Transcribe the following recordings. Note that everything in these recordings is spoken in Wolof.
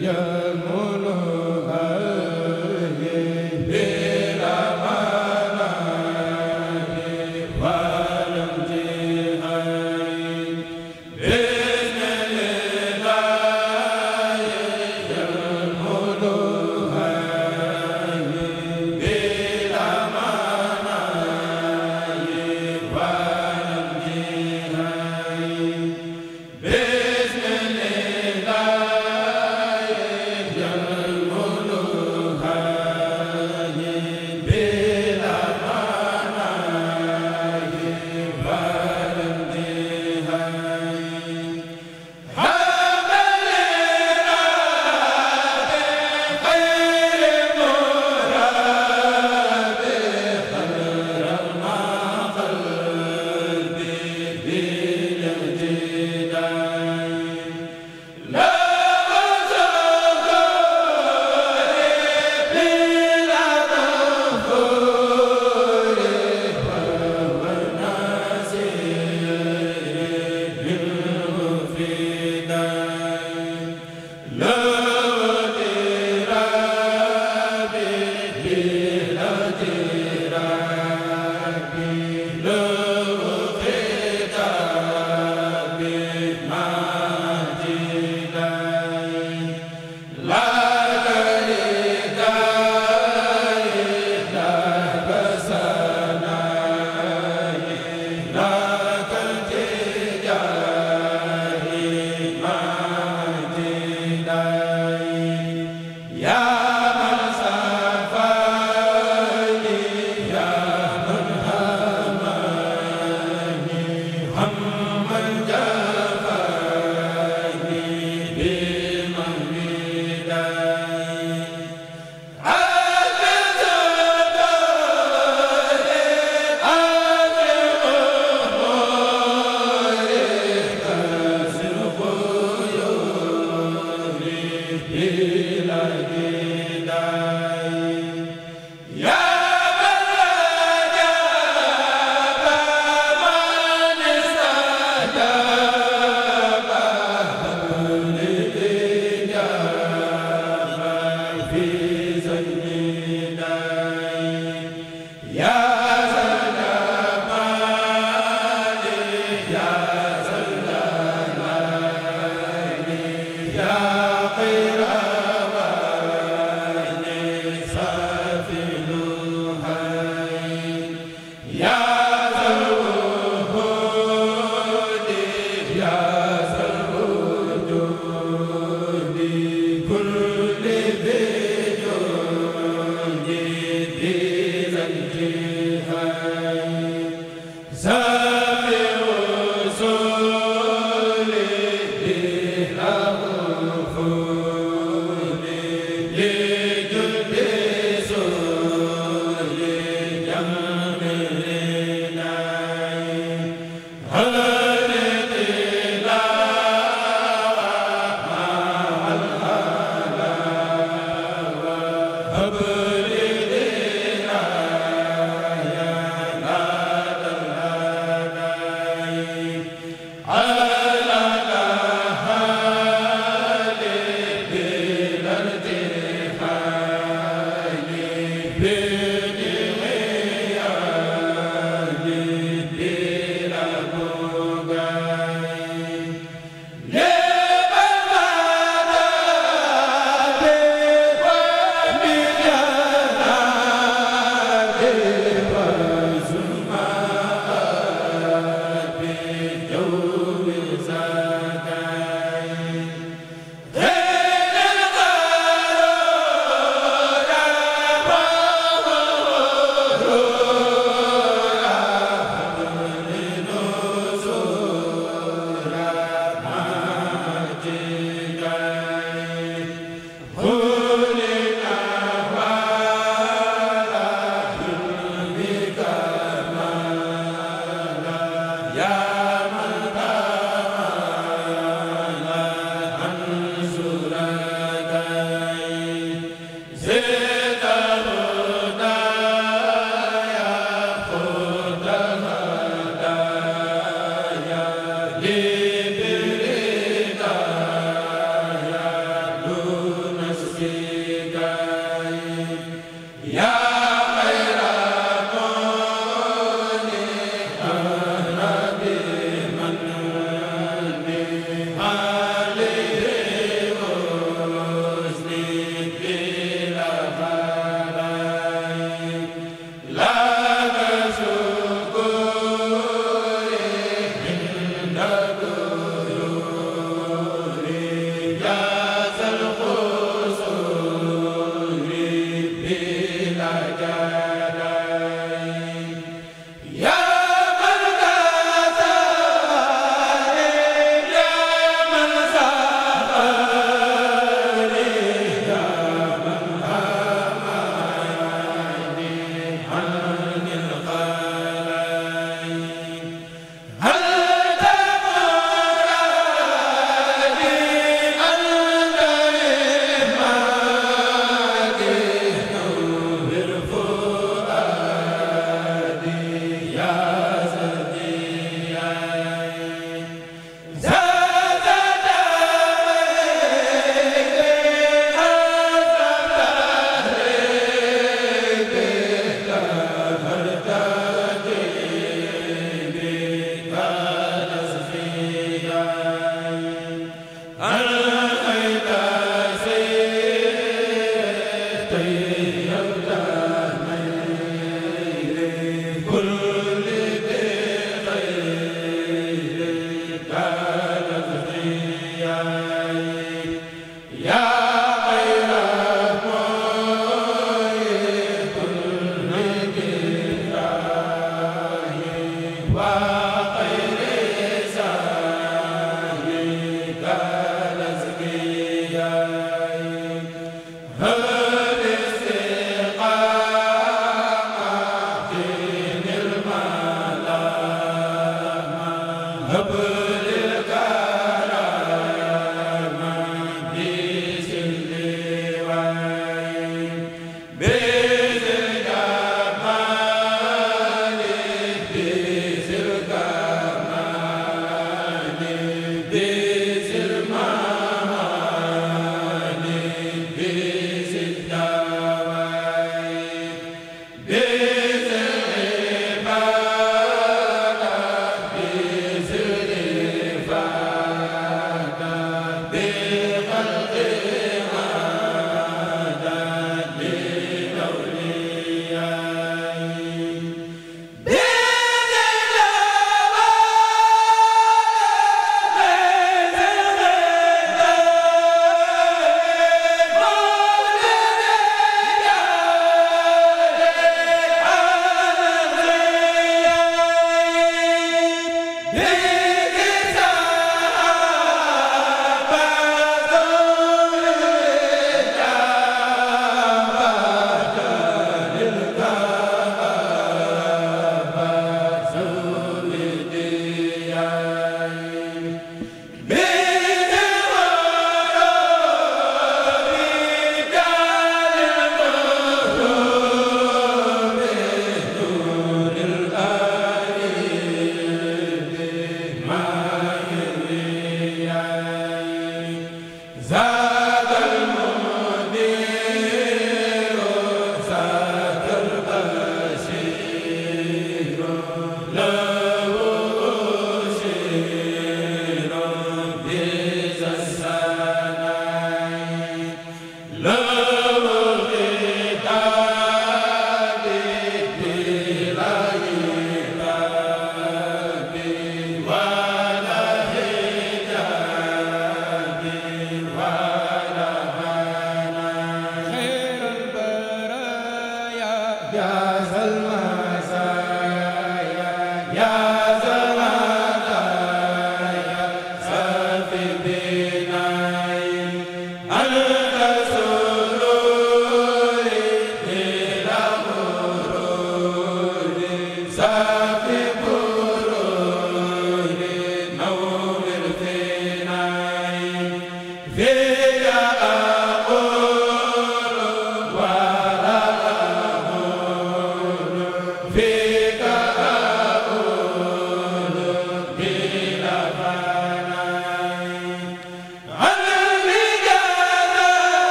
ya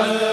a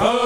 waaw